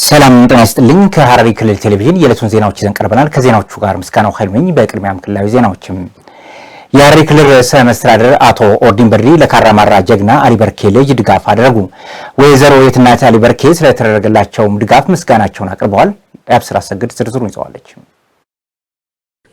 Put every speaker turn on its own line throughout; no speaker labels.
ሰላም ጤና ይስጥልኝ። ከሐረሪ ክልል ቴሌቪዥን የዕለቱን ዜናዎች ይዘን ቀርበናል። ከዜናዎቹ ጋር ምስጋናው ኃይሉ ነኝ። በቅድሚያም ክልላዊ ዜናዎችም የሐረሪ ክልል ርዕሰ መስተዳደር አቶ ኦርዲን በድሪ ለካራማራ ጀግና አሊበርኬ ልጅ ድጋፍ አደረጉ። ወይዘሮ የትናት አሊበርኬ ስለተደረገላቸውም ድጋፍ ምስጋናቸውን አቅርበዋል። የአብስራ ሰግድ ዝርዝሩን ይዘዋለች።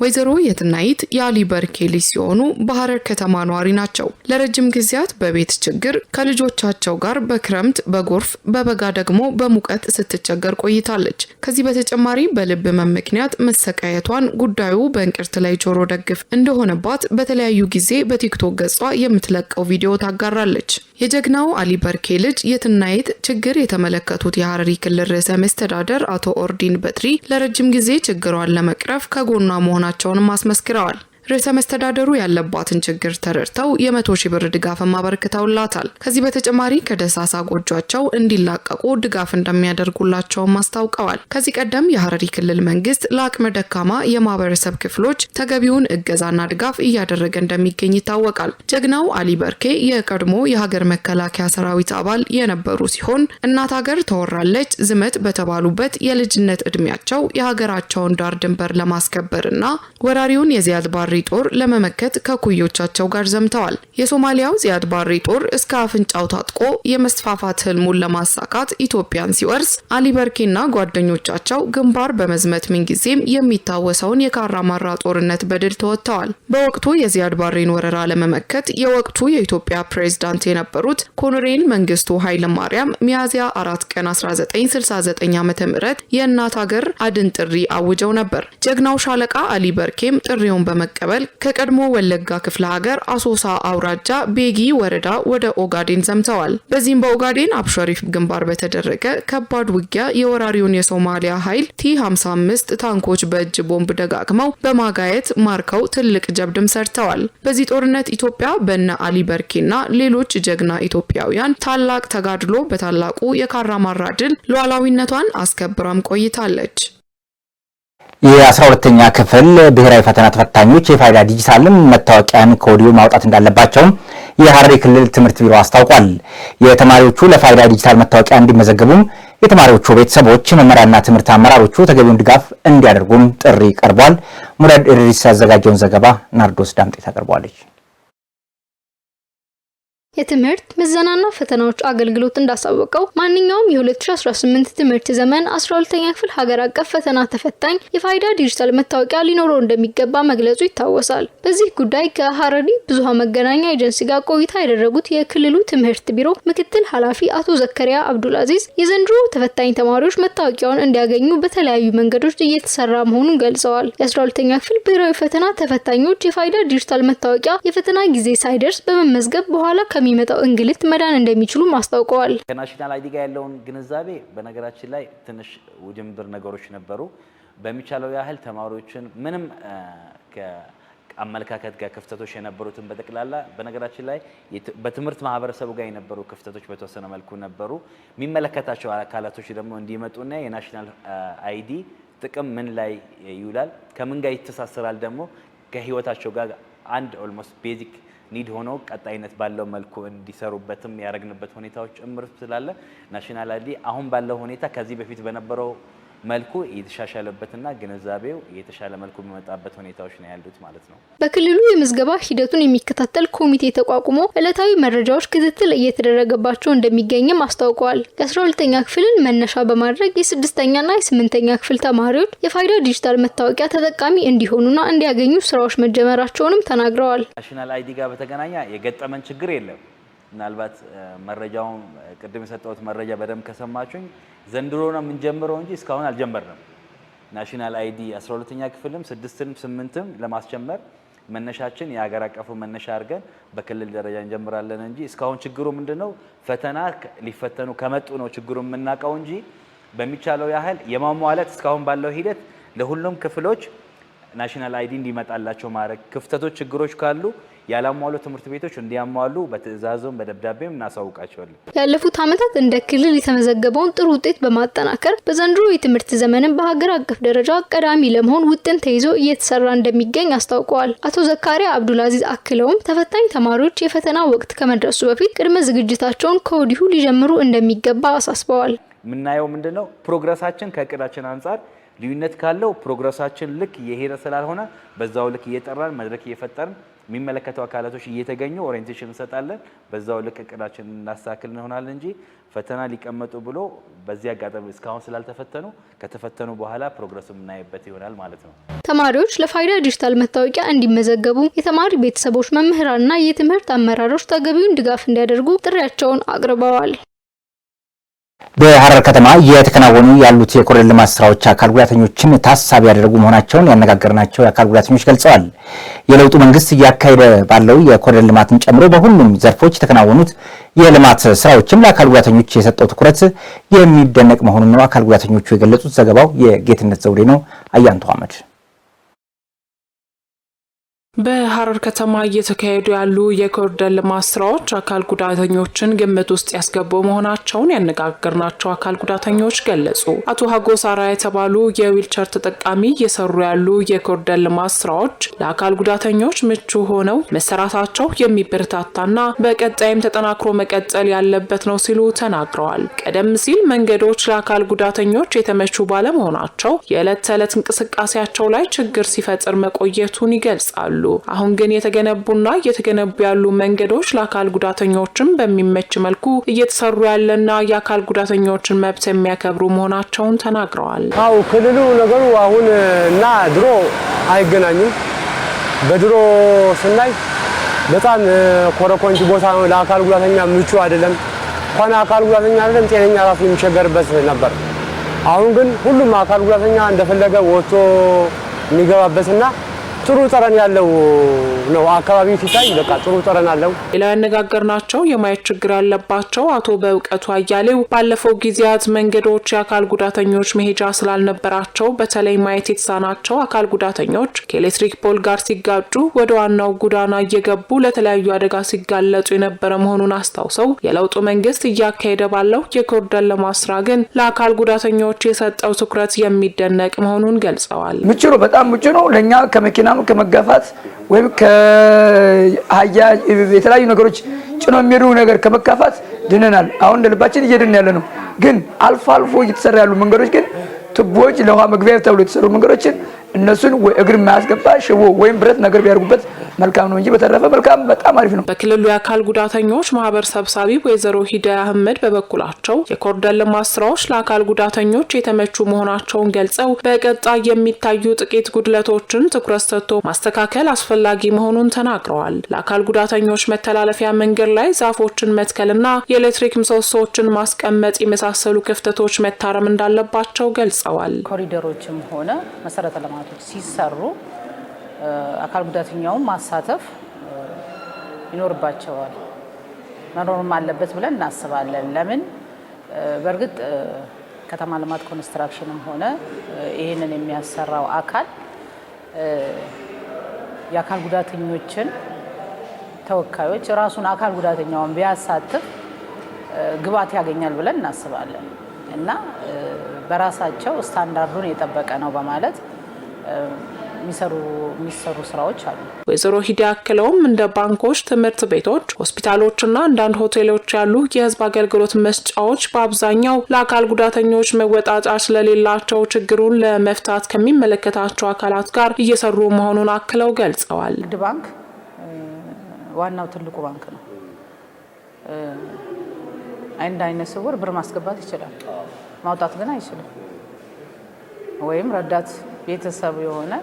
ወይዘሮ የትናይት የአሊ በርኬ ሲሆኑ በሐረር ከተማ ነዋሪ ናቸው። ለረጅም ጊዜያት በቤት ችግር ከልጆቻቸው ጋር በክረምት በጎርፍ በበጋ ደግሞ በሙቀት ስትቸገር ቆይታለች። ከዚህ በተጨማሪ በልብ ህመም ምክንያት መሰቃየቷን ጉዳዩ በእንቅርት ላይ ጆሮ ደግፍ እንደሆነባት በተለያዩ ጊዜ በቲክቶክ ገጿ የምትለቀው ቪዲዮ ታጋራለች። የጀግናው አሊ በርኬ ልጅ የትናይት ችግር የተመለከቱት የሐረሪ ክልል ርዕሰ መስተዳደር አቶ ኦርዲን በትሪ ለረጅም ጊዜ ችግሯን ለመቅረፍ ከጎኗ መሆናቸውንም አስመስክረዋል። ርዕሰ መስተዳደሩ ያለባትን ችግር ተረድተው የመቶ ሺህ ብር ድጋፍም አበርክተውላታል። ከዚህ በተጨማሪ ከደሳሳ ጎጇቸው እንዲላቀቁ ድጋፍ እንደሚያደርጉላቸውም አስታውቀዋል። ከዚህ ቀደም የሐረሪ ክልል መንግስት ለአቅመ ደካማ የማህበረሰብ ክፍሎች ተገቢውን እገዛና ድጋፍ እያደረገ እንደሚገኝ ይታወቃል። ጀግናው አሊ በርኬ የቀድሞ የሀገር መከላከያ ሰራዊት አባል የነበሩ ሲሆን እናት ሀገር ተወራለች ዝመት በተባሉበት የልጅነት ዕድሜያቸው የሀገራቸውን ዳር ድንበር ለማስከበር እና ወራሪውን የዚያድ ባሪ ጦር ለመመከት ከኩዮቻቸው ጋር ዘምተዋል። የሶማሊያው ዚያድ ባሬ ጦር እስከ አፍንጫው ታጥቆ የመስፋፋት ህልሙን ለማሳካት ኢትዮጵያን ሲወርስ አሊ በርኬና ጓደኞቻቸው ግንባር በመዝመት ምንጊዜም የሚታወሰውን የካራማራ ጦርነት በድል ተወጥተዋል። በወቅቱ የዚያድ ባሬን ወረራ ለመመከት የወቅቱ የኢትዮጵያ ፕሬዝዳንት የነበሩት ኮሎኔል መንግስቱ ኃይለ ማርያም ሚያዝያ 4 ቀን 1969 ዓ.ም የእናት ሀገር አድን ጥሪ አውጀው ነበር። ጀግናው ሻለቃ አሊ በርኬም ጥሪውን በመቀበል ማዕበል ከቀድሞ ወለጋ ክፍለ ሀገር አሶሳ አውራጃ ቤጊ ወረዳ ወደ ኦጋዴን ዘምተዋል። በዚህም በኦጋዴን አብሸሪፍ ግንባር በተደረገ ከባድ ውጊያ የወራሪውን የሶማሊያ ኃይል ቲ55 ታንኮች በእጅ ቦምብ ደጋግመው በማጋየት ማርከው ትልቅ ጀብድም ሰርተዋል። በዚህ ጦርነት ኢትዮጵያ በነ አሊ በርኬና ሌሎች ጀግና ኢትዮጵያውያን ታላቅ ተጋድሎ በታላቁ የካራማራ ድል ሉዓላዊነቷን አስከብራም ቆይታለች። የ12ተኛ ክፍል ብሔራዊ ፈተና ተፈታኞች የፋይዳ ዲጂታልም መታወቂያን ከወዲሁ ማውጣት እንዳለባቸውም የሐረሪ ክልል ትምህርት ቢሮ አስታውቋል። የተማሪዎቹ ለፋይዳ ዲጂታል መታወቂያ እንዲመዘገቡም የተማሪዎቹ ቤተሰቦች፣ መመሪያና ትምህርት አመራሮቹ ተገቢውን ድጋፍ እንዲያደርጉም ጥሪ ቀርቧል። ሙራድ ኢድሪስ ያዘጋጀውን ዘገባ ናርዶስ ዳምጤ ታቀርቧለች። የትምህርት ምዘናና ፈተናዎች አገልግሎት እንዳሳወቀው ማንኛውም የ2018 ትምህርት ዘመን 12ኛ ክፍል ሀገር አቀፍ ፈተና ተፈታኝ የፋይዳ ዲጂታል መታወቂያ ሊኖረው እንደሚገባ መግለጹ ይታወሳል። በዚህ ጉዳይ ከሀረሪ ብዙሃን መገናኛ ኤጀንሲ ጋር ቆይታ ያደረጉት የክልሉ ትምህርት ቢሮ ምክትል ኃላፊ አቶ ዘከሪያ አብዱልአዚዝ የዘንድሮ ተፈታኝ ተማሪዎች መታወቂያውን እንዲያገኙ በተለያዩ መንገዶች እየተሰራ መሆኑን ገልጸዋል። የ12ኛ ክፍል ብሔራዊ ፈተና ተፈታኞች የፋይዳ ዲጂታል መታወቂያ የፈተና ጊዜ ሳይደርስ በመመዝገብ በኋላ ከሚ ከሚመጣው እንግልት መዳን እንደሚችሉ አስታውቀዋል። ከናሽናል አይዲ ጋር ያለውን ግንዛቤ በነገራችን ላይ ትንሽ ውድንብር ነገሮች ነበሩ። በሚቻለው ያህል ተማሪዎችን ምንም አመለካከት ጋር ክፍተቶች የነበሩትን በጠቅላላ በነገራችን ላይ በትምህርት ማህበረሰቡ ጋር የነበሩ ክፍተቶች በተወሰነ መልኩ ነበሩ። የሚመለከታቸው አካላቶች ደግሞ እንዲመጡና የናሽናል አይዲ ጥቅም ምን ላይ ይውላል፣ ከምን ጋር ይተሳሰራል፣ ደግሞ ከህይወታቸው ጋር አንድ ኦልሞስት ቤዚክ ኒድ ሆኖ ቀጣይነት ባለው መልኩ እንዲሰሩበትም ያደረግንበት ሁኔታዎች ጭምር ስላለ ናሽናል አይዲ አሁን ባለው ሁኔታ ከዚህ በፊት በነበረው መልኩ የተሻሻለበትና ግንዛቤው የተሻለ መልኩ የሚመጣበት ሁኔታዎች ነው ያሉት ማለት ነው። በክልሉ የምዝገባ ሂደቱን የሚከታተል ኮሚቴ ተቋቁሞ ዕለታዊ መረጃዎች ክትትል እየተደረገባቸው እንደሚገኝም አስታውቀዋል። የአስራ ሁለተኛ ክፍልን መነሻ በማድረግ የስድስተኛና የስምንተኛ ክፍል ተማሪዎች የፋይዳ ዲጂታል መታወቂያ ተጠቃሚ እንዲሆኑና እንዲያገኙ ስራዎች መጀመራቸውንም ተናግረዋል። ናሽናል አይዲ ጋር በተገናኛ የገጠመን ችግር የለም። ምናልባት መረጃውን ቅድም የሰጠሁት መረጃ በደንብ ከሰማችሁኝ ዘንድሮ ነው የምንጀምረው እንጂ እስካሁን አልጀመርንም። ናሽናል አይዲ 12ኛ ክፍልም ስድስትም ስምንትም ለማስጀመር መነሻችን የሀገር አቀፉ መነሻ አድርገን በክልል ደረጃ እንጀምራለን እንጂ እስካሁን ችግሩ ምንድነው? ፈተና ሊፈተኑ ከመጡ ነው ችግሩ የምናውቀው እንጂ በሚቻለው ያህል የማሟላት እስካሁን ባለው ሂደት ለሁሉም ክፍሎች ናሽናል አይዲ እንዲመጣላቸው ማድረግ ክፍተቶች፣ ችግሮች ካሉ ያላሟሉ ትምህርት ቤቶች እንዲያሟሉ በትዕዛዝም በደብዳቤም እናሳውቃቸዋለን። ያለፉት ዓመታት እንደ ክልል የተመዘገበውን ጥሩ ውጤት በማጠናከር በዘንድሮ የትምህርት ዘመንም በሀገር አቀፍ ደረጃ ቀዳሚ ለመሆን ውጥን ተይዞ እየተሰራ እንደሚገኝ አስታውቀዋል። አቶ ዘካሪያ አብዱልአዚዝ አክለውም ተፈታኝ ተማሪዎች የፈተና ወቅት ከመድረሱ በፊት ቅድመ ዝግጅታቸውን ከወዲሁ ሊጀምሩ እንደሚገባ አሳስበዋል። የምናየው ምንድን ነው ፕሮግረሳችን ከእቅዳችን አንጻር ልዩነት ካለው ፕሮግረሳችን ልክ የሄደ ስላልሆነ በዛው ልክ እየጠራን መድረክ እየፈጠርን የሚመለከተው አካላቶች እየተገኙ ኦሪንቴሽን እንሰጣለን። በዛው ልክ እቅዳችን እናስተካክል እንሆናለን እንጂ ፈተና ሊቀመጡ ብሎ በዚህ አጋጣሚ እስካሁን ስላልተፈተኑ ከተፈተኑ በኋላ ፕሮግረሱ የምናይበት ይሆናል ማለት ነው። ተማሪዎች ለፋይዳ ዲጂታል መታወቂያ እንዲመዘገቡ የተማሪ ቤተሰቦች፣ መምህራንና የትምህርት አመራሮች ተገቢውን ድጋፍ እንዲያደርጉ ጥሪያቸውን አቅርበዋል። በሐረር ከተማ እየተከናወኑ ያሉት የኮሪደር ልማት ስራዎች አካል ጉዳተኞችን ታሳቢ ያደረጉ መሆናቸውን ያነጋገርናቸው የአካል ጉዳተኞች ገልጸዋል። የለውጡ መንግስት እያካሄደ ባለው የኮሪደር ልማትን ጨምሮ በሁሉም ዘርፎች የተከናወኑት የልማት ስራዎችም ለአካል ጉዳተኞች የሰጠው ትኩረት የሚደነቅ መሆኑን ነው አካል ጉዳተኞቹ የገለጹት። ዘገባው የጌትነት ዘውዴ ነው። አያንቱ አመድ በሐረር ከተማ እየተካሄዱ ያሉ የኮሪደር ልማት ስራዎች አካል ጉዳተኞችን ግምት ውስጥ ያስገቡ መሆናቸውን ያነጋገርናቸው አካል ጉዳተኞች ገለጹ። አቶ ሀጎሳራ የተባሉ የዊልቸር ተጠቃሚ እየሰሩ ያሉ የኮሪደር ልማት ስራዎች ለአካል ጉዳተኞች ምቹ ሆነው መሰራታቸው የሚበረታታና በቀጣይም ተጠናክሮ መቀጠል ያለበት ነው ሲሉ ተናግረዋል። ቀደም ሲል መንገዶች ለአካል ጉዳተኞች የተመቹ ባለመሆናቸው የዕለት ተዕለት እንቅስቃሴያቸው ላይ ችግር ሲፈጥር መቆየቱን ይገልጻሉ። አሁን ግን የተገነቡና እየተገነቡ ያሉ መንገዶች ለአካል ጉዳተኞችም በሚመች መልኩ እየተሰሩ ያለና የአካል ጉዳተኞችን መብት የሚያከብሩ መሆናቸውን ተናግረዋል። አው ክልሉ ነገሩ አሁን እና ድሮ አይገናኙም። በድሮ ስናይ በጣም ኮረኮንች ቦታ ነው፣ ለአካል ጉዳተኛ ምቹ አይደለም። እንኳን አካል ጉዳተኛ አይደለም ጤነኛ ራሱ የሚቸገርበት ነበር። አሁን ግን ሁሉም አካል ጉዳተኛ እንደፈለገ ወጥቶ የሚገባበትና ጥሩ ጠረን ያለው ነው። አካባቢ ሲታይ በቃ ጥሩ ጠረን አለው። ሌላው ያነጋገርናቸው የማየት ችግር ያለባቸው አቶ በእውቀቱ አያሌው ባለፈው ጊዜያት መንገዶች የአካል ጉዳተኞች መሄጃ ስላልነበራቸው በተለይ ማየት የተሳናቸው አካል ጉዳተኞች ከኤሌክትሪክ ፖል ጋር ሲጋጩ ወደ ዋናው ጎዳና እየገቡ ለተለያዩ አደጋ ሲጋለጡ የነበረ መሆኑን አስታውሰው የለውጡ መንግስት እያካሄደ ባለው የኮሪደር ልማት ስራ ግን ለአካል ጉዳተኞች የሰጠው ትኩረት የሚደነቅ መሆኑን ገልጸዋል። ምቹ ነው፣ በጣም ምቹ ነው። ለእኛ ከመኪናም ከመጋፋት ወይም የተለያዩ ነገሮች ጭኖ የሚሄዱ ነገር ከመካፋት ድነናል። አሁን እንደ ልባችን እየድን ያለ ነው። ግን አልፎ አልፎ እየተሰራ ያሉ መንገዶች ግን ቱቦዎች ለውሃ መግቢያ ተብሎ የተሰሩ መንገዶችን እነሱን እግር የማያስገባ ሽቦ ወይም ብረት ነገር ቢያደርጉበት መልካም ነው እንጂ በተረፈ መልካም በጣም አሪፍ ነው። በክልሉ የአካል ጉዳተኞች ማህበር ሰብሳቢ ወይዘሮ ሂዳ አህመድ በበኩላቸው የኮሪደር ልማት ስራዎች ለአካል ጉዳተኞች የተመቹ መሆናቸውን ገልጸው በቀጣይ የሚታዩ ጥቂት ጉድለቶችን ትኩረት ሰጥቶ ማስተካከል አስፈላጊ መሆኑን ተናግረዋል። ለአካል ጉዳተኞች መተላለፊያ መንገድ ላይ ዛፎችን መትከልና የኤሌክትሪክ ምሰሶዎችን ማስቀመጥ የመሳሰሉ ክፍተቶች መታረም እንዳለባቸው ገልጸዋል። ኮሪደሮችም ሆነ መሰረተ ልማት ልማቶች ሲሰሩ አካል ጉዳተኛውን ማሳተፍ ይኖርባቸዋል፣ መኖርም አለበት ብለን እናስባለን። ለምን በእርግጥ ከተማ ልማት ኮንስትራክሽንም ሆነ ይህንን የሚያሰራው አካል የአካል ጉዳተኞችን ተወካዮች ራሱን አካል ጉዳተኛውን ቢያሳትፍ ግባት ያገኛል ብለን እናስባለን እና በራሳቸው ስታንዳርዱን የጠበቀ ነው በማለት የሚሰሩ ስራዎች አሉ። ወይዘሮ ሂዲ አክለውም እንደ ባንኮች፣ ትምህርት ቤቶች፣ ሆስፒታሎችና አንዳንድ ሆቴሎች ያሉ የህዝብ አገልግሎት መስጫዎች በአብዛኛው ለአካል ጉዳተኞች መወጣጫ ስለሌላቸው ችግሩን ለመፍታት ከሚመለከታቸው አካላት ጋር እየሰሩ መሆኑን አክለው ገልጸዋል። ንግድ ባንክ ዋናው ትልቁ ባንክ ነው። አንድ አይነ ስውር ብር ማስገባት ይችላል፣ ማውጣት ግን አይችልም ወይም ረዳት ቤተሰብ የሆነ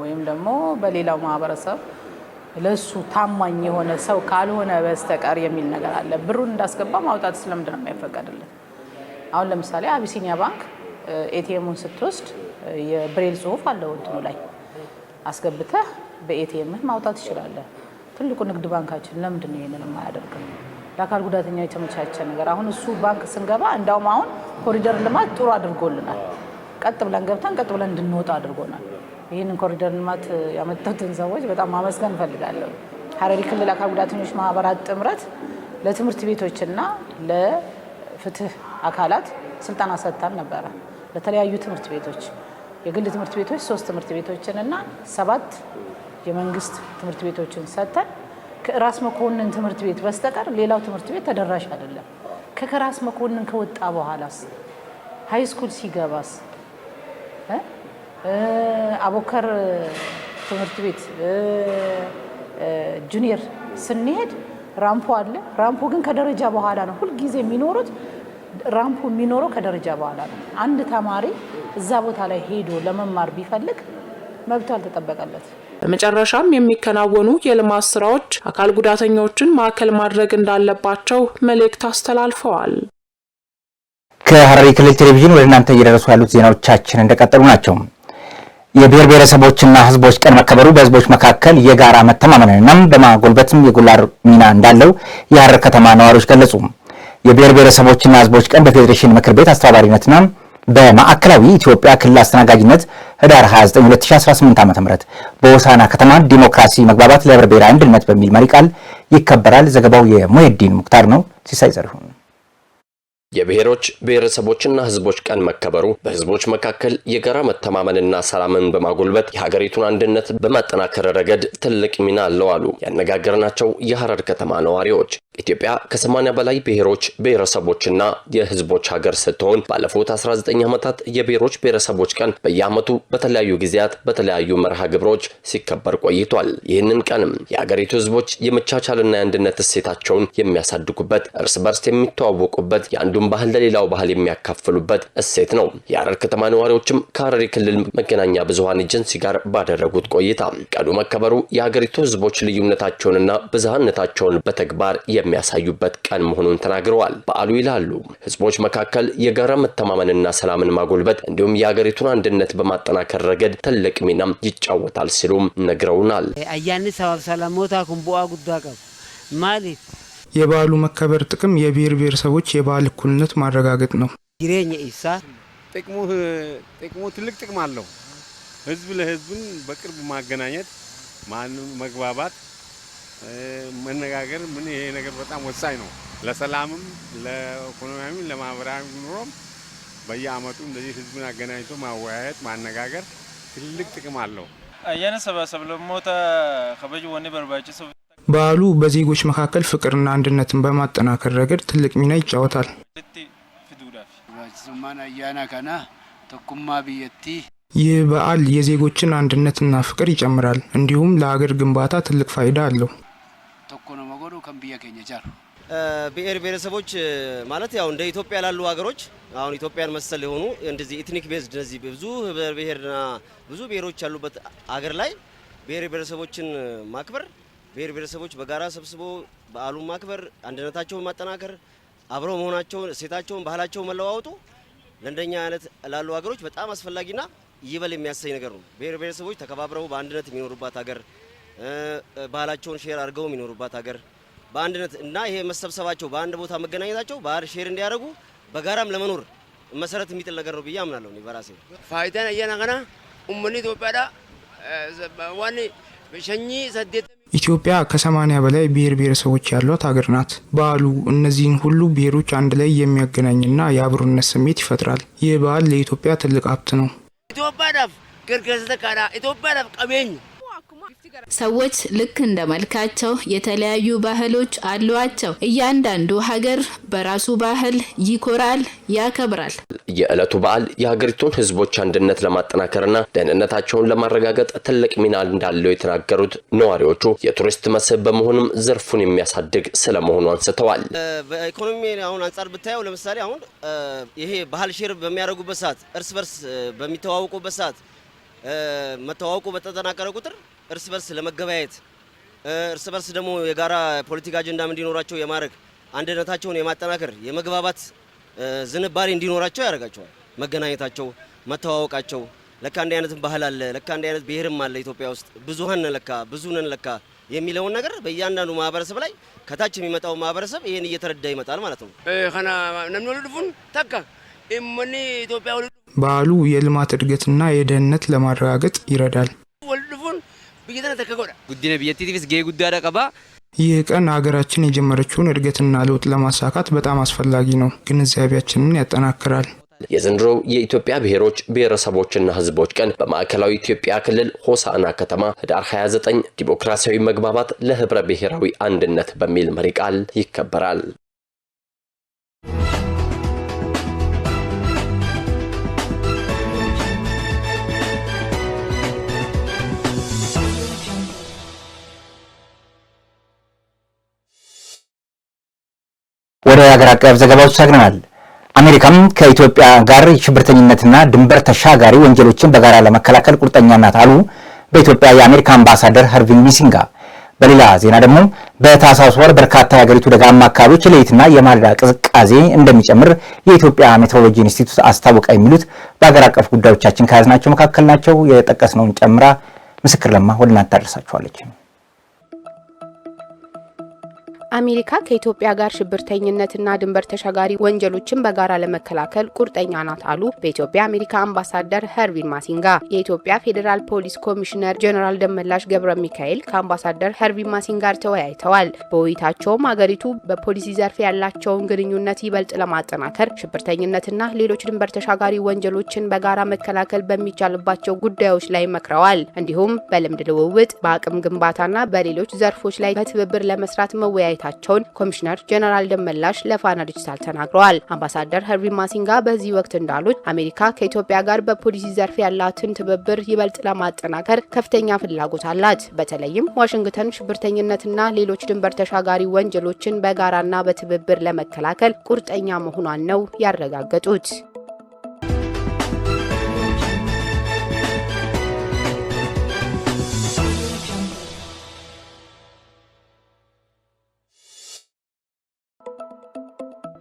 ወይም ደግሞ በሌላው ማህበረሰብ ለሱ ታማኝ የሆነ ሰው ካልሆነ በስተቀር የሚል ነገር አለ። ብሩን እንዳስገባ ማውጣት ስለምንድን ነው የማይፈቀድልን? አሁን ለምሳሌ አቢሲኒያ ባንክ ኤቲኤሙን ስትወስድ የብሬል ጽሁፍ አለው እንትኑ ላይ አስገብተህ በኤቲኤምህ ማውጣት ትችላለህ። ትልቁ ንግድ ባንካችን ለምንድን ነው ይሄንን የማያደርግም? ለአካል ጉዳተኛ የተመቻቸ ነገር አሁን እሱ ባንክ ስንገባ እንዳውም አሁን ኮሪደር ልማት ጥሩ አድርጎልናል። ቀጥ ብለን ገብተን ቀጥ ብለን እንድንወጣ አድርጎናል። ይህንን ኮሪደር ልማት ያመጡትን ሰዎች በጣም ማመስገን እንፈልጋለሁ። ሀረሪ ክልል አካል ጉዳተኞች ማህበራት ጥምረት ለትምህርት ቤቶችና ለፍትህ አካላት ስልጠና ሰጥታን ነበረ። ለተለያዩ ትምህርት ቤቶች የግል ትምህርት ቤቶች ሶስት ትምህርት ቤቶችን እና ሰባት የመንግስት ትምህርት ቤቶችን ሰጥተን ከራስ መኮንን ትምህርት ቤት በስተቀር ሌላው ትምህርት ቤት ተደራሽ አይደለም። ከከራስ መኮንን ከወጣ በኋላስ ሃይስኩል ሲገባስ አቦከር ትምህርት ቤት ጁኒየር ስንሄድ ራምፖ አለ። ራምፖ ግን ከደረጃ በኋላ ነው ሁልጊዜ የሚኖሩት። ራምፖ የሚኖረው ከደረጃ በኋላ ነው። አንድ ተማሪ እዛ ቦታ ላይ ሄዶ ለመማር ቢፈልግ መብቱ አልተጠበቀለት። በመጨረሻም የሚከናወኑ የልማት ስራዎች አካል ጉዳተኞችን ማዕከል ማድረግ እንዳለባቸው መልእክት አስተላልፈዋል። ከሐረሪ ክልል ቴሌቪዥን ወደ እናንተ እየደረሱ ያሉት ዜናዎቻችን እንደቀጠሉ ናቸው። የብሔር ብሔረሰቦችና ህዝቦች ቀን መከበሩ በህዝቦች መካከል የጋራ መተማመንናም በማጎልበትም የጎላር ሚና እንዳለው የሐረር ከተማ ነዋሪዎች ገለጹ። የብሔር ብሔረሰቦችና ህዝቦች ቀን በፌዴሬሽን ምክር ቤት አስተባባሪነትና በማዕከላዊ ኢትዮጵያ ክልል አስተናጋጅነት ህዳር 29 2018 ም በሆሳና ከተማ ዲሞክራሲ መግባባት ለህብረ ብሔራዊ አንድነት በሚል መሪ ቃል ይከበራል። ዘገባው የሙሄዲን ሙክታር ነው። ሲሳይ ዘርሁን የብሔሮች ብሔረሰቦችና ህዝቦች ቀን መከበሩ በህዝቦች መካከል የጋራ መተማመንና ሰላምን በማጎልበት የሀገሪቱን አንድነት በማጠናከር ረገድ ትልቅ ሚና አለው አሉ ያነጋገርናቸው የሐረር ከተማ ነዋሪዎች። ኢትዮጵያ ከ80 በላይ ብሔሮች ብሔረሰቦችና የህዝቦች ሀገር ስትሆን ባለፉት 19 ዓመታት የብሔሮች ብሔረሰቦች ቀን በየዓመቱ በተለያዩ ጊዜያት በተለያዩ መርሃ ግብሮች ሲከበር ቆይቷል። ይህንን ቀንም የሀገሪቱ ህዝቦች የመቻቻልና የአንድነት እሴታቸውን የሚያሳድጉበት፣ እርስ በርስ የሚተዋወቁበት የአንዱ የሀረሪውን ባህል ለሌላው ባህል የሚያካፍሉበት እሴት ነው። የአረር ከተማ ነዋሪዎችም ከሀረሪ ክልል መገናኛ ብዙሀን ኤጀንሲ ጋር ባደረጉት ቆይታ ቀኑ መከበሩ የሀገሪቱ ህዝቦች ልዩነታቸውንና ብዝሃነታቸውን በተግባር የሚያሳዩበት ቀን መሆኑን ተናግረዋል። በዓሉ ይላሉ ህዝቦች መካከል የጋራ መተማመንና ሰላምን ማጎልበት እንዲሁም የሀገሪቱን አንድነት በማጠናከር ረገድ ትልቅ ሚናም ይጫወታል ሲሉም ነግረውናል። አያኒ ሰባብ ሰላሞታ ኩንቦአ ጉዳቀብ ማለት የበዓሉ መከበር ጥቅም የብሔር ብሔረሰቦች የበዓል እኩልነት ማረጋገጥ ነው። ጊሬኛ ኢሳ ጥቅሙ ጥቅሙ ትልቅ ጥቅም አለው። ህዝብ ለህዝብን በቅርብ ማገናኘት፣ መግባባት፣ መነጋገር ምን ይሄ ነገር በጣም ወሳኝ ነው ለሰላምም፣ ለኢኮኖሚያዊም፣ ለማህበራዊ ኑሮም በየአመቱ እንደዚህ ህዝብን አገናኝቶ ማወያየት፣ ማነጋገር ትልቅ ጥቅም አለው። አያነ ሰባሰብ ከበጅ ወኔ በርባጭ በዓሉ በዜጎች መካከል ፍቅርና አንድነትን በማጠናከር ረገድ ትልቅ ሚና ይጫወታል። ይህ በዓል የዜጎችን አንድነትና ፍቅር ይጨምራል። እንዲሁም ለሀገር ግንባታ ትልቅ ፋይዳ አለው። ብሔር ብሔረሰቦች ማለት ያው እንደ ኢትዮጵያ ላሉ ሀገሮች አሁን ኢትዮጵያን መሰል የሆኑ እንደዚህ ኢትኒክ ቤዝድ እነዚህ ብዙ ብሔርና ብዙ ብሔሮች ያሉበት ሀገር ላይ ብሔር ብሔረሰቦችን ማክበር ብሔር ብሔረሰቦች በጋራ ሰብስቦ በዓሉን ማክበር፣ አንድነታቸውን ማጠናከር፣ አብረው መሆናቸውን፣ እሴታቸውን፣ ባህላቸውን መለዋወጡ ለእንደኛ አይነት ላሉ ሀገሮች በጣም አስፈላጊና ይበል የሚያሰኝ ነገር ነው። ብሔር ብሔረሰቦች ተከባብረው በአንድነት የሚኖሩባት ሀገር፣ ባህላቸውን ሼር አድርገው የሚኖሩባት ሀገር በአንድነት እና ይሄ መሰብሰባቸው በአንድ ቦታ መገናኘታቸው ባህል ሼር እንዲያደርጉ በጋራም ለመኖር መሰረት የሚጥል ነገር ነው ብዬ አምናለሁ። እኔ በራሴ ፋይተን አየና ኡመኒ ኢትዮጵያዳ ዋኒ ሸኚ ሰዴት ኢትዮጵያ ከ80 በላይ ብሔር ብሔረሰቦች ያሏት ሀገር ናት። በዓሉ እነዚህን ሁሉ ብሔሮች አንድ ላይ የሚያገናኝና የአብሮነት ስሜት ይፈጥራል። ይህ በዓል ለኢትዮጵያ ትልቅ ሀብት ነው። ሰዎች ልክ እንደ መልካቸው የተለያዩ ባህሎች አሏቸው። እያንዳንዱ ሀገር በራሱ ባህል ይኮራል፣ ያከብራል። የዕለቱ በዓል የሀገሪቱን ህዝቦች አንድነት ለማጠናከርና ደህንነታቸውን ለማረጋገጥ ትልቅ ሚና እንዳለው የተናገሩት ነዋሪዎቹ የቱሪስት መስህብ በመሆኑም ዘርፉን የሚያሳድግ ስለመሆኑ አንስተዋል። በኢኮኖሚ አሁን አንጻር ብታየው ለምሳሌ አሁን ይሄ ባህል ሼር በሚያደርጉበት ሰዓት፣ እርስ በርስ በሚተዋወቁበት ሰዓት መተዋወቁ በተጠናቀረ ቁጥር እርስ በርስ ለመገበያየት እርስ በርስ ደግሞ የጋራ ፖለቲካ አጀንዳም እንዲኖራቸው የማድረግ አንድነታቸውን የማጠናከር የመግባባት ዝንባሌ እንዲኖራቸው ያደርጋቸዋል። መገናኘታቸው፣ መተዋወቃቸው ለካ እንዲህ አይነት ባህል አለ፣ ለካ እንዲህ አይነት ብሔርም አለ ኢትዮጵያ ውስጥ ብዙሀን ነን ለካ ብዙ ነን ለካ የሚለውን ነገር በእያንዳንዱ ማህበረሰብ ላይ ከታች የሚመጣው ማህበረሰብ ይህን እየተረዳ ይመጣል ማለት ነው። ከና ነምኖ ተካ ኢሞኒ ኢትዮጵያ በዓሉ የልማት እድገትና የደህንነት ለማረጋገጥ ይረዳል። ይህ ቀን ሀገራችን የጀመረችውን እድገትና ለውጥ ለማሳካት በጣም አስፈላጊ ነው፣ ግንዛቤያችንን ያጠናክራል። የዘንድሮው የኢትዮጵያ ብሔሮች ብሔረሰቦችና ሕዝቦች ቀን በማዕከላዊ ኢትዮጵያ ክልል ሆሳዕና ከተማ ህዳር 29 ዲሞክራሲያዊ መግባባት ለህብረ ብሔራዊ አንድነት በሚል መሪ ቃል ይከበራል። ወደ ሀገር አቀፍ ዘገባዎች ሰግነናል። አሜሪካም ከኢትዮጵያ ጋር ሽብርተኝነትና ድንበር ተሻጋሪ ወንጀሎችን በጋራ ለመከላከል ቁርጠኛ ናት አሉ በኢትዮጵያ የአሜሪካ አምባሳደር ሀርቪን ሚሲንጋ። በሌላ ዜና ደግሞ በታህሳስ ወር በርካታ የሀገሪቱ ደጋማ አካባቢዎች ሌሊትና የማለዳ ቅዝቃዜ እንደሚጨምር የኢትዮጵያ ሜትሮሎጂ ኢንስቲትዩት አስታወቀ። የሚሉት በሀገር አቀፍ ጉዳዮቻችን ከያዝናቸው መካከል ናቸው። የጠቀስነውን ጨምራ ምስክር ለማ ወደ እናንተ አሜሪካ ከኢትዮጵያ ጋር ሽብርተኝነትና ድንበር ተሻጋሪ ወንጀሎችን በጋራ ለመከላከል ቁርጠኛ ናት አሉ በኢትዮጵያ አሜሪካ አምባሳደር ሄርቪን ማሲንጋ። የኢትዮጵያ ፌዴራል ፖሊስ ኮሚሽነር ጀኔራል ደመላሽ ገብረ ሚካኤል ከአምባሳደር ሄርቪን ማሲንግ ጋር ተወያይተዋል። በውይይታቸውም አገሪቱ በፖሊሲ ዘርፍ ያላቸውን ግንኙነት ይበልጥ ለማጠናከር ሽብርተኝነትና ሌሎች ድንበር ተሻጋሪ ወንጀሎችን በጋራ መከላከል በሚቻልባቸው ጉዳዮች ላይ መክረዋል። እንዲሁም በልምድ ልውውጥ፣ በአቅም ግንባታና በሌሎች ዘርፎች ላይ በትብብር ለመስራት መወያየት ማለታቸውን ኮሚሽነር ጀነራል ደመላሽ ለፋና ዲጂታል ተናግረዋል። አምባሳደር ሄንሪ ማሲንጋ በዚህ ወቅት እንዳሉት አሜሪካ ከኢትዮጵያ ጋር በፖሊሲ ዘርፍ ያላትን ትብብር ይበልጥ ለማጠናከር ከፍተኛ ፍላጎት አላት። በተለይም ዋሽንግተን ሽብርተኝነትና ሌሎች ድንበር ተሻጋሪ ወንጀሎችን በጋራና በትብብር ለመከላከል ቁርጠኛ መሆኗን ነው ያረጋገጡት።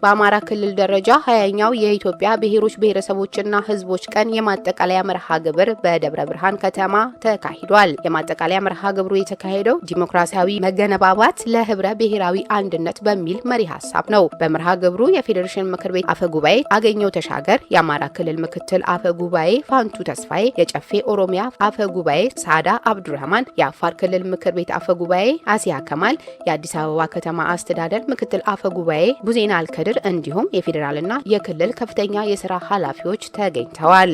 በአማራ ክልል ደረጃ ሀያኛው የኢትዮጵያ ብሔሮች ብሔረሰቦችና ህዝቦች ቀን የማጠቃለያ መርሃ ግብር በደብረ ብርሃን ከተማ ተካሂዷል። የማጠቃለያ መርሃ ግብሩ የተካሄደው ዲሞክራሲያዊ መገነባባት ለህብረ ብሔራዊ አንድነት በሚል መሪ ሀሳብ ነው። በመርሃ ግብሩ የፌዴሬሽን ምክር ቤት አፈ ጉባኤ አገኘው ተሻገር፣ የአማራ ክልል ምክትል አፈ ጉባኤ ፋንቱ ተስፋዬ፣ የጨፌ ኦሮሚያ አፈ ጉባኤ ሳዳ አብዱራህማን፣ የአፋር ክልል ምክር ቤት አፈ ጉባኤ አሲያ ከማል፣ የአዲስ አበባ ከተማ አስተዳደር ምክትል አፈ ጉባኤ ቡዜና አልከድር ሚኒስትር እንዲሁም የፌዴራልና የክልል ከፍተኛ የስራ ኃላፊዎች ተገኝተዋል።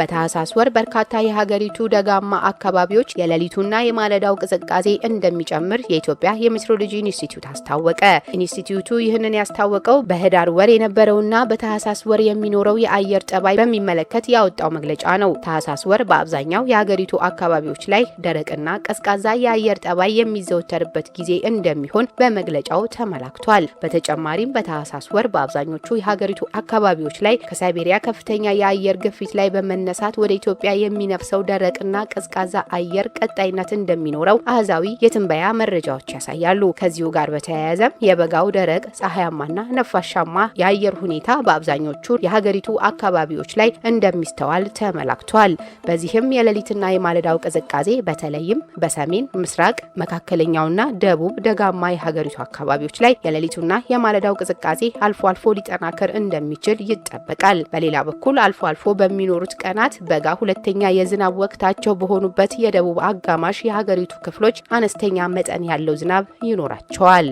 በታህሳስ ወር በርካታ የሀገሪቱ ደጋማ አካባቢዎች የሌሊቱና የማለዳው ቅዝቃዜ እንደሚጨምር የኢትዮጵያ የሜትሮሎጂ ኢንስቲትዩት አስታወቀ። ኢንስቲትዩቱ ይህንን ያስታወቀው በህዳር ወር የነበረውና በታህሳስ ወር የሚኖረው የአየር ጠባይ በሚመለከት ያወጣው መግለጫ ነው። ታህሳስ ወር በአብዛኛው የሀገሪቱ አካባቢዎች ላይ ደረቅና ቀዝቃዛ የአየር ጠባይ የሚዘወተርበት ጊዜ እንደሚሆን በመግለጫው ተመላክቷል። በተጨማሪም በታህሳስ ወር በአብዛኞቹ የሀገሪቱ አካባቢዎች ላይ ከሳይቤሪያ ከፍተኛ የአየር ግፊት ላይ በመነ መነሳት ወደ ኢትዮጵያ የሚነፍሰው ደረቅና ቀዝቃዛ አየር ቀጣይነት እንደሚኖረው አህዛዊ የትንበያ መረጃዎች ያሳያሉ። ከዚሁ ጋር በተያያዘም የበጋው ደረቅ ፀሐያማና ነፋሻማ የአየር ሁኔታ በአብዛኞቹ የሀገሪቱ አካባቢዎች ላይ እንደሚስተዋል ተመላክቷል። በዚህም የሌሊትና የማለዳው ቅዝቃዜ በተለይም በሰሜን ምስራቅ፣ መካከለኛውና ደቡብ ደጋማ የሀገሪቱ አካባቢዎች ላይ የሌሊቱና የማለዳው ቅዝቃዜ አልፎ አልፎ ሊጠናከር እንደሚችል ይጠበቃል። በሌላ በኩል አልፎ አልፎ በሚኖሩት ቀናት ቀናት በጋ ሁለተኛ የዝናብ ወቅታቸው በሆኑበት የደቡብ አጋማሽ የሀገሪቱ ክፍሎች አነስተኛ መጠን ያለው ዝናብ ይኖራቸዋል።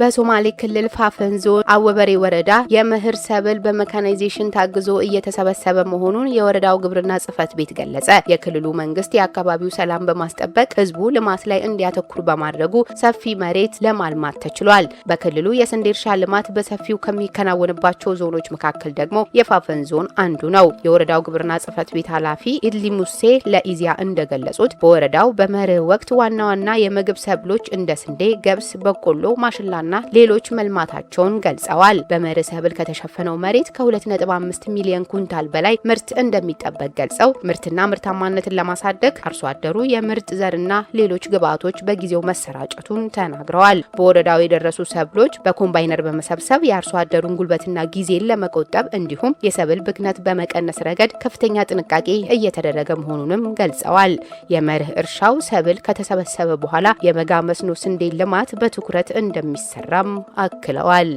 በሶማሌ ክልል ፋፈን ዞን አወበሬ ወረዳ የምህር ሰብል በመካናይዜሽን ታግዞ እየተሰበሰበ መሆኑን የወረዳው ግብርና ጽህፈት ቤት ገለጸ። የክልሉ መንግስት የአካባቢው ሰላም በማስጠበቅ ህዝቡ ልማት ላይ እንዲያተኩር በማድረጉ ሰፊ መሬት ለማልማት ተችሏል። በክልሉ የስንዴ እርሻ ልማት በሰፊው ከሚከናወንባቸው ዞኖች መካከል ደግሞ የፋፈን ዞን አንዱ ነው። የወረዳው ግብርና ጽህፈት ቤት ኃላፊ ኢድሊ ሙሴ ለኢዚያ እንደገለጹት በወረዳው በመርህ ወቅት ዋና ዋና የምግብ ሰብሎች እንደ ስንዴ፣ ገብስ፣ በቆሎ፣ ማሽላ ና ሌሎች መልማታቸውን ገልጸዋል። በመርስ ሰብል ከተሸፈነው መሬት ከ2.5 ሚሊዮን ኩንታል በላይ ምርት እንደሚጠበቅ ገልጸው ምርትና ምርታማነትን ለማሳደግ አርሶ አደሩ የምርጥ ዘርና ሌሎች ግብዓቶች በጊዜው መሰራጨቱን ተናግረዋል። በወረዳው የደረሱ ሰብሎች በኮምባይነር በመሰብሰብ የአርሶ አደሩን ጉልበትና ጊዜን ለመቆጠብ እንዲሁም የሰብል ብክነት በመቀነስ ረገድ ከፍተኛ ጥንቃቄ እየተደረገ መሆኑንም ገልጸዋል። የመርህ እርሻው ሰብል ከተሰበሰበ በኋላ የበጋ መስኖ ስንዴ ልማት በትኩረት እንደሚሰ እንደሚሰራም አክለዋል።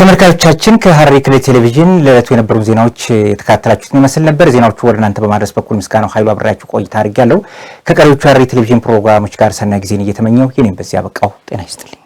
ተመልካቾቻችን ከሐረሪ ክልል ቴሌቪዥን ለዕለቱ የነበሩ ዜናዎች የተከታተላችሁትን ይመስል ነበር። ዜናዎቹ ወደ እናንተ በማድረስ በኩል ምስጋናው ኃይሉ አብሬያችሁ ቆይታ አድርጌያለሁ። ከቀሪዎቹ ሐረሪ ቴሌቪዥን ፕሮግራሞች ጋር ሰናይ ጊዜን እየተመኘው የኔም በዚያ አበቃው። ጤና ይስጥልኝ።